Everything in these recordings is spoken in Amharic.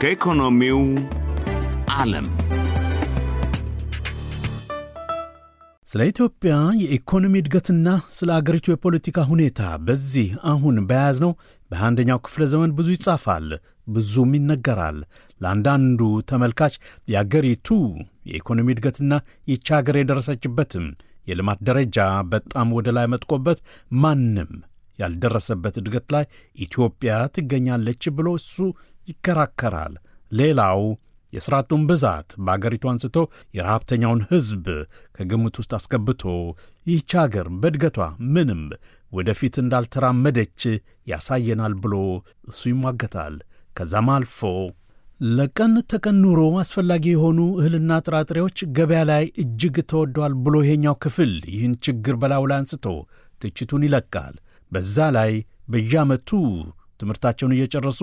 ከኢኮኖሚው ዓለም ስለ ኢትዮጵያ የኢኮኖሚ እድገትና ስለ አገሪቱ የፖለቲካ ሁኔታ በዚህ አሁን ነው በአንደኛው ክፍለ ዘመን ብዙ ይጻፋል፣ ብዙም ይነገራል። ለአንዳንዱ ተመልካች የአገሪቱ የኢኮኖሚ እድገትና ይቻ አገር የደረሰችበትም የልማት ደረጃ በጣም ወደ ላይ መጥቆበት ማንም ያልደረሰበት እድገት ላይ ኢትዮጵያ ትገኛለች ብሎ እሱ ይከራከራል። ሌላው የሥራቱን ብዛት በአገሪቱ አንስቶ የረሃብተኛውን ሕዝብ ከግምት ውስጥ አስገብቶ ይህች አገር በእድገቷ ምንም ወደፊት እንዳልተራመደች ያሳየናል ብሎ እሱ ይሟገታል። ከዛም አልፎ ለቀን ተቀን ኑሮ አስፈላጊ የሆኑ እህልና ጥራጥሬዎች ገበያ ላይ እጅግ ተወደዋል ብሎ ይሄኛው ክፍል ይህን ችግር በላዩ ላይ አንስቶ ትችቱን ይለቃል። በዛ ላይ በየዓመቱ ትምህርታቸውን እየጨረሱ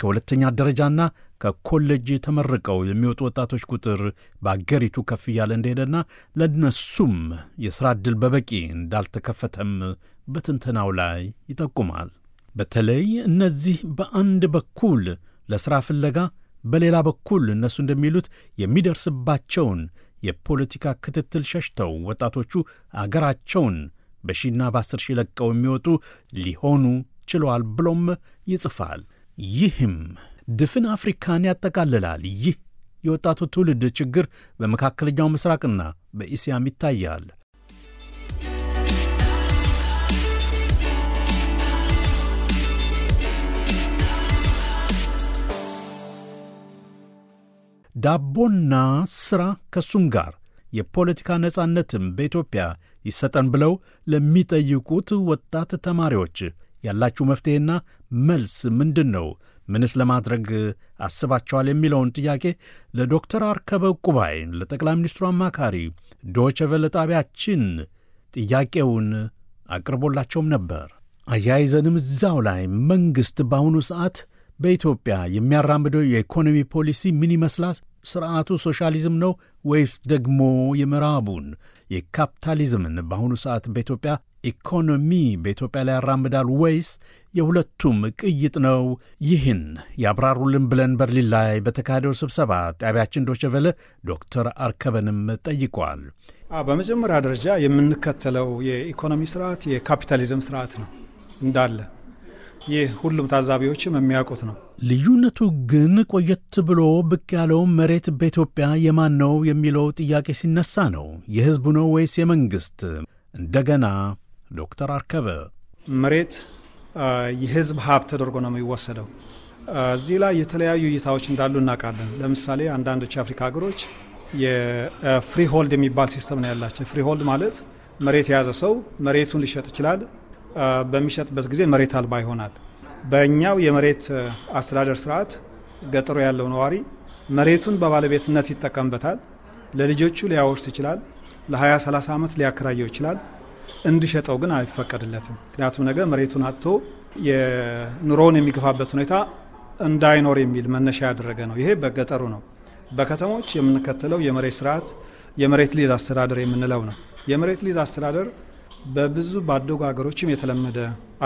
ከሁለተኛ ደረጃና ከኮሌጅ ተመርቀው የሚወጡ ወጣቶች ቁጥር በአገሪቱ ከፍ እያለ እንደሄደና ለነሱም የሥራ ዕድል በበቂ እንዳልተከፈተም በትንተናው ላይ ይጠቁማል። በተለይ እነዚህ በአንድ በኩል ለሥራ ፍለጋ፣ በሌላ በኩል እነሱ እንደሚሉት የሚደርስባቸውን የፖለቲካ ክትትል ሸሽተው ወጣቶቹ አገራቸውን በሺና በአስር ሺህ ለቀው የሚወጡ ሊሆኑ ችለዋል ብሎም ይጽፋል። ይህም ድፍን አፍሪካን ያጠቃልላል። ይህ የወጣቱ ትውልድ ችግር በመካከለኛው ምስራቅና በእስያም ይታያል። ዳቦና ሥራ ከሱም ጋር የፖለቲካ ነጻነትም በኢትዮጵያ ይሰጠን ብለው ለሚጠይቁት ወጣት ተማሪዎች ያላችሁ መፍትሔና መልስ ምንድን ነው? ምንስ ለማድረግ አስባቸዋል? የሚለውን ጥያቄ ለዶክተር አርከበ ቁባይ ለጠቅላይ ሚኒስትሩ አማካሪ ዶይቼ ቬለ ጣቢያችን ጥያቄውን አቅርቦላቸውም ነበር። አያይዘንም እዛው ላይ መንግሥት በአሁኑ ሰዓት በኢትዮጵያ የሚያራምደው የኢኮኖሚ ፖሊሲ ምን ይመስላል? ስርዓቱ ሶሻሊዝም ነው ወይስ ደግሞ የምዕራቡን የካፒታሊዝምን በአሁኑ ሰዓት በኢትዮጵያ ኢኮኖሚ በኢትዮጵያ ላይ ያራምዳል ወይስ የሁለቱም ቅይጥ ነው? ይህን ያብራሩልን ብለን በርሊን ላይ በተካሄደው ስብሰባ ጣቢያችን ዶቸቨለ ዶክተር አርከበንም ጠይቋል። በመጀመሪያ ደረጃ የምንከተለው የኢኮኖሚ ስርዓት የካፒታሊዝም ስርዓት ነው እንዳለ ይህ ሁሉም ታዛቢዎችም የሚያውቁት ነው። ልዩነቱ ግን ቆየት ብሎ ብቅ ያለው መሬት በኢትዮጵያ የማን ነው የሚለው ጥያቄ ሲነሳ ነው። የህዝቡ ነው ወይስ የመንግስት እንደገና ዶክተር አርከበ መሬት የህዝብ ሀብት ተደርጎ ነው የሚወሰደው። እዚህ ላይ የተለያዩ እይታዎች እንዳሉ እናውቃለን። ለምሳሌ አንዳንዶች የአፍሪካ ሀገሮች የፍሪሆልድ የሚባል ሲስተም ነው ያላቸው። ፍሪሆልድ ማለት መሬት የያዘ ሰው መሬቱን ሊሸጥ ይችላል በሚሸጥበት ጊዜ መሬት አልባ ይሆናል። በእኛው የመሬት አስተዳደር ስርዓት ገጠሩ ያለው ነዋሪ መሬቱን በባለቤትነት ይጠቀምበታል። ለልጆቹ ሊያወርስ ይችላል። ለ20 30 ዓመት ሊያከራየው ይችላል። እንዲሸጠው ግን አይፈቀድለትም። ምክንያቱም ነገ መሬቱን አጥቶ የኑሮውን የሚገፋበት ሁኔታ እንዳይኖር የሚል መነሻ ያደረገ ነው። ይሄ በገጠሩ ነው። በከተሞች የምንከተለው የመሬት ስርዓት የመሬት ሊዝ አስተዳደር የምንለው ነው። የመሬት ሊዝ አስተዳደር በብዙ ባደጉ ሀገሮችም የተለመደ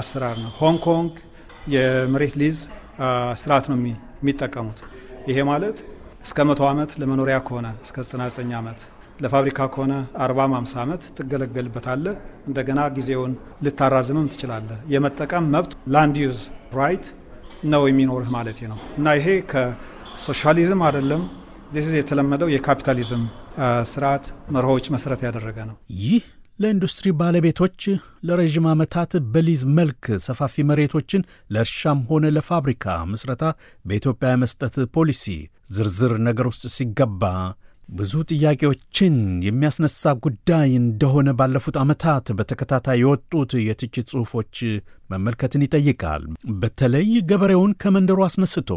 አሰራር ነው። ሆንግ ኮንግ የመሬት ሊዝ ስርዓት ነው የሚጠቀሙት። ይሄ ማለት እስከ መቶ ዓመት ለመኖሪያ ከሆነ እስከ 99 ዓመት ለፋብሪካ ከሆነ 40 50 ዓመት ትገለገልበታለህ። እንደገና ጊዜውን ልታራዝምም ትችላለህ። የመጠቀም መብት ላንድ ዩዝ ራይት ነው የሚኖርህ ማለት ነው እና ይሄ ከሶሻሊዝም አይደለም የተለመደው የካፒታሊዝም ስርዓት መርሆዎች መሰረት ያደረገ ነው ይህ ለኢንዱስትሪ ባለቤቶች ለረዥም ዓመታት በሊዝ መልክ ሰፋፊ መሬቶችን ለእርሻም ሆነ ለፋብሪካ ምስረታ በኢትዮጵያ የመስጠት ፖሊሲ ዝርዝር ነገር ውስጥ ሲገባ ብዙ ጥያቄዎችን የሚያስነሳ ጉዳይ እንደሆነ ባለፉት ዓመታት በተከታታይ የወጡት የትችት ጽሑፎች መመልከትን ይጠይቃል። በተለይ ገበሬውን ከመንደሩ አስነስቶ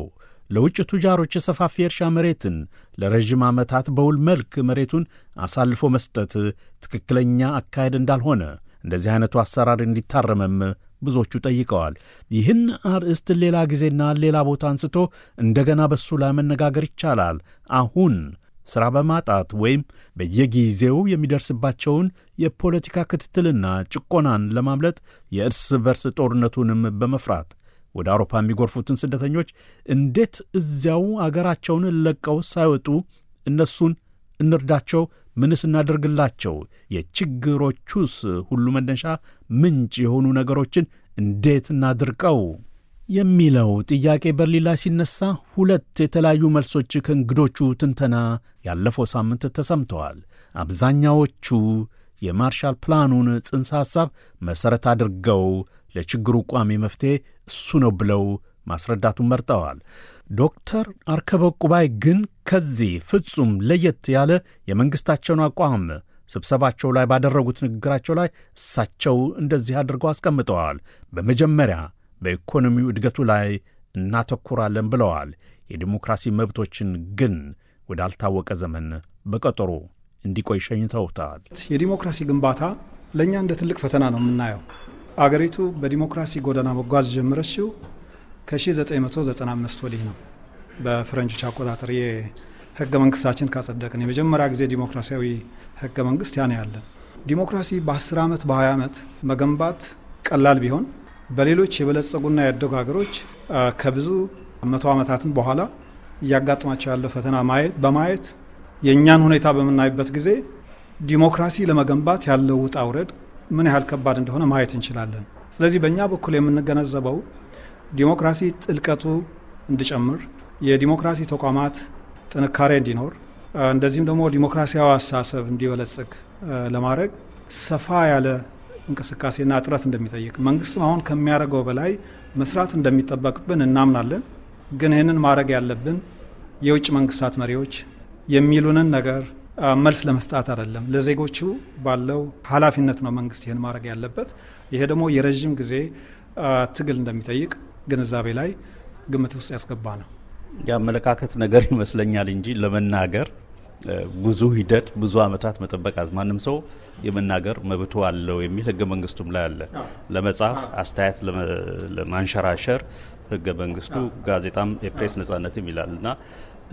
ለውጭ ቱጃሮች የሰፋፊ የእርሻ መሬትን ለረዥም ዓመታት በውል መልክ መሬቱን አሳልፎ መስጠት ትክክለኛ አካሄድ እንዳልሆነ እንደዚህ አይነቱ አሰራር እንዲታረመም ብዙዎቹ ጠይቀዋል። ይህን አርዕስት ሌላ ጊዜና ሌላ ቦታ አንስቶ እንደገና በሱ ላይ መነጋገር ይቻላል። አሁን ሥራ በማጣት ወይም በየጊዜው የሚደርስባቸውን የፖለቲካ ክትትልና ጭቆናን ለማምለጥ የእርስ በርስ ጦርነቱንም በመፍራት ወደ አውሮፓ የሚጎርፉትን ስደተኞች እንዴት እዚያው አገራቸውን ለቀው ሳይወጡ እነሱን እንርዳቸው? ምንስ እናደርግላቸው? የችግሮቹስ ሁሉ መነሻ ምንጭ የሆኑ ነገሮችን እንዴት እናድርቀው? የሚለው ጥያቄ በርሊን ላይ ሲነሳ ሁለት የተለያዩ መልሶች ከእንግዶቹ ትንተና ያለፈው ሳምንት ተሰምተዋል። አብዛኛዎቹ የማርሻል ፕላኑን ጽንሰ ሐሳብ መሠረት አድርገው ለችግሩ ቋሚ መፍትሄ እሱ ነው ብለው ማስረዳቱን መርጠዋል። ዶክተር አርከበ ቁባይ ግን ከዚህ ፍጹም ለየት ያለ የመንግሥታቸውን አቋም ስብሰባቸው ላይ ባደረጉት ንግግራቸው ላይ እሳቸው እንደዚህ አድርገው አስቀምጠዋል። በመጀመሪያ በኢኮኖሚው እድገቱ ላይ እናተኩራለን ብለዋል። የዲሞክራሲ መብቶችን ግን ወዳልታወቀ ዘመን በቀጠሮ እንዲቆይ ሸኝተውታል። የዲሞክራሲ ግንባታ ለእኛ እንደ ትልቅ ፈተና ነው የምናየው። አገሪቱ በዲሞክራሲ ጎዳና መጓዝ ጀምረችው ከ1995 ወዲህ ነው። በፈረንጆች አቆጣጠር የህገ መንግስታችን ካጸደቅን የመጀመሪያ ጊዜ ዲሞክራሲያዊ ህገ መንግስት ያን ያለን ዲሞክራሲ በ10 ዓመት በ20 ዓመት መገንባት ቀላል ቢሆን በሌሎች የበለጸጉና ያደጉ ሀገሮች ከብዙ መቶ ዓመታትም በኋላ እያጋጥማቸው ያለው ፈተና በማየት የእኛን ሁኔታ በምናይበት ጊዜ ዲሞክራሲ ለመገንባት ያለው ውጣ ውረድ ምን ያህል ከባድ እንደሆነ ማየት እንችላለን። ስለዚህ በእኛ በኩል የምንገነዘበው ዲሞክራሲ ጥልቀቱ እንዲጨምር፣ የዲሞክራሲ ተቋማት ጥንካሬ እንዲኖር፣ እንደዚህም ደግሞ ዲሞክራሲያዊ አስተሳሰብ እንዲበለጽግ ለማድረግ ሰፋ ያለ እንቅስቃሴና ጥረት እንደሚጠይቅ መንግስትም አሁን ከሚያደርገው በላይ መስራት እንደሚጠበቅብን እናምናለን። ግን ይህንን ማድረግ ያለብን የውጭ መንግስታት መሪዎች የሚሉንን ነገር መልስ ለመስጣት አይደለም፣ ለዜጎቹ ባለው ኃላፊነት ነው መንግስት ይህን ማድረግ ያለበት። ይሄ ደግሞ የረዥም ጊዜ ትግል እንደሚጠይቅ ግንዛቤ ላይ ግምት ውስጥ ያስገባ ነው። የአመለካከት ነገር ይመስለኛል እንጂ ለመናገር ብዙ ሂደት ብዙ ዓመታት መጠበቅ ማንም ሰው የመናገር መብቱ አለው የሚል ህገ መንግስቱም ላይ አለ። ለመጻፍ አስተያየት ለማንሸራሸር ህገ መንግስቱ ጋዜጣም የፕሬስ ነጻነትም ይላል እና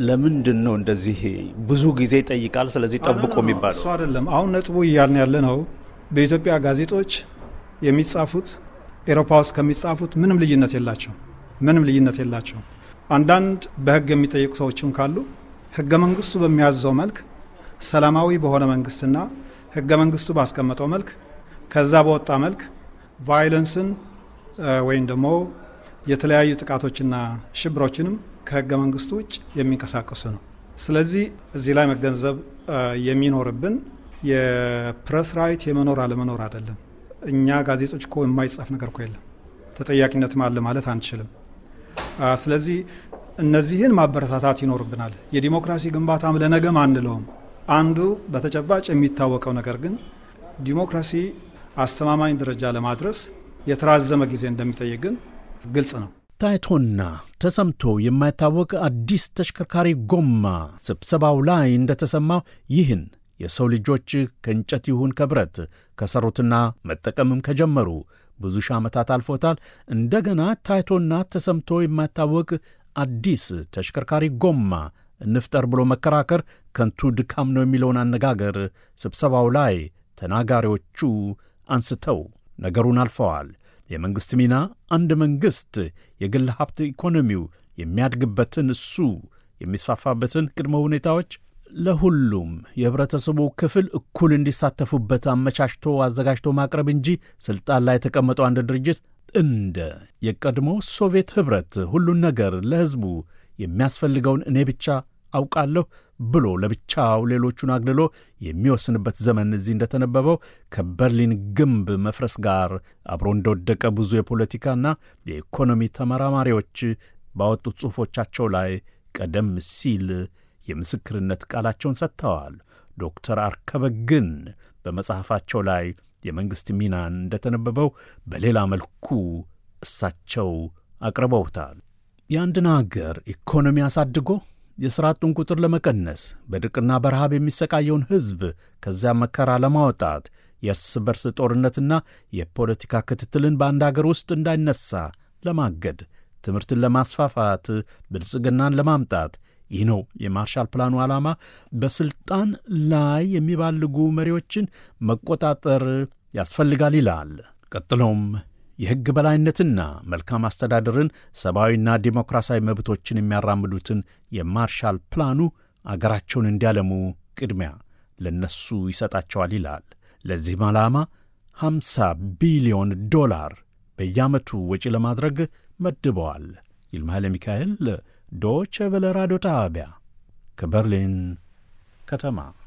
ለምንድን ነው እንደዚህ ብዙ ጊዜ ይጠይቃል? ስለዚህ ጠብቆ የሚባለው እሱ አይደለም። አሁን ነጥቡ እያልን ያለ ነው። በኢትዮጵያ ጋዜጦች የሚጻፉት ኤሮፓ ውስጥ ከሚጻፉት ምንም ልዩነት የላቸው ምንም ልዩነት የላቸው። አንዳንድ በህግ የሚጠየቁ ሰዎችም ካሉ ህገ መንግስቱ በሚያዘው መልክ ሰላማዊ በሆነ መንግስትና ህገ መንግስቱ ባስቀመጠው መልክ ከዛ በወጣ መልክ ቫዮለንስን ወይም ደግሞ የተለያዩ ጥቃቶችና ሽብሮችንም ከህገ መንግስቱ ውጭ የሚንቀሳቀሱ ነው። ስለዚህ እዚህ ላይ መገንዘብ የሚኖርብን የፕረስ ራይት የመኖር አለመኖር አይደለም። እኛ ጋዜጦች እኮ የማይጻፍ ነገር እኮ የለም፣ ተጠያቂነትም አለ ማለት አንችልም። ስለዚህ እነዚህን ማበረታታት ይኖርብናል። የዲሞክራሲ ግንባታም ለነገም አንለውም። አንዱ በተጨባጭ የሚታወቀው ነገር ግን ዲሞክራሲ አስተማማኝ ደረጃ ለማድረስ የተራዘመ ጊዜ እንደሚጠይቅ ግን ግልጽ ነው። ታይቶና ተሰምቶ የማይታወቅ አዲስ ተሽከርካሪ ጎማ ስብሰባው ላይ እንደተሰማው ይህን የሰው ልጆች ከእንጨት ይሁን ከብረት ከሰሩትና መጠቀምም ከጀመሩ ብዙ ሺህ ዓመታት አልፎታል። እንደገና ታይቶና ተሰምቶ የማይታወቅ አዲስ ተሽከርካሪ ጎማ እንፍጠር ብሎ መከራከር ከንቱ ድካም ነው የሚለውን አነጋገር ስብሰባው ላይ ተናጋሪዎቹ አንስተው ነገሩን አልፈዋል። የመንግሥት ሚና አንድ መንግሥት የግል ሀብት ኢኮኖሚው የሚያድግበትን እሱ የሚስፋፋበትን ቅድመ ሁኔታዎች ለሁሉም የህብረተሰቡ ክፍል እኩል እንዲሳተፉበት አመቻችቶ አዘጋጅቶ ማቅረብ እንጂ ስልጣን ላይ የተቀመጠው አንድ ድርጅት እንደ የቀድሞ ሶቪየት ኅብረት ሁሉን ነገር ለሕዝቡ የሚያስፈልገውን እኔ ብቻ አውቃለሁ ብሎ ለብቻው ሌሎቹን አግልሎ የሚወስንበት ዘመን እዚህ እንደተነበበው ከበርሊን ግንብ መፍረስ ጋር አብሮ እንደወደቀ ብዙ የፖለቲካና የኢኮኖሚ ተመራማሪዎች ባወጡት ጽሑፎቻቸው ላይ ቀደም ሲል የምስክርነት ቃላቸውን ሰጥተዋል። ዶክተር አርከበ ግን በመጽሐፋቸው ላይ የመንግሥት ሚና እንደተነበበው በሌላ መልኩ እሳቸው አቅርበውታል። የአንድን አገር ኢኮኖሚ አሳድጎ የሥራ አጡን ቁጥር ለመቀነስ በድርቅና በረሃብ የሚሰቃየውን ሕዝብ ከዚያ መከራ ለማውጣት የእርስ በርስ ጦርነትና የፖለቲካ ክትትልን በአንድ አገር ውስጥ እንዳይነሳ ለማገድ ትምህርትን ለማስፋፋት ብልጽግናን ለማምጣት ይህ ነው የማርሻል ፕላኑ ዓላማ። በስልሳ ስልጣን ላይ የሚባልጉ መሪዎችን መቆጣጠር ያስፈልጋል ይላል። ቀጥሎም የሕግ በላይነትና መልካም አስተዳደርን ሰብአዊና ዲሞክራሲያዊ መብቶችን የሚያራምዱትን የማርሻል ፕላኑ አገራቸውን እንዲያለሙ ቅድሚያ ለነሱ ይሰጣቸዋል ይላል። ለዚህም ዓላማ 50 ቢሊዮን ዶላር በየዓመቱ ወጪ ለማድረግ መድበዋል። ይልማ ኃይለ ሚካኤል ዶቼ ቬለ ራዲዮ ጣቢያ ከበርሊን Katamar.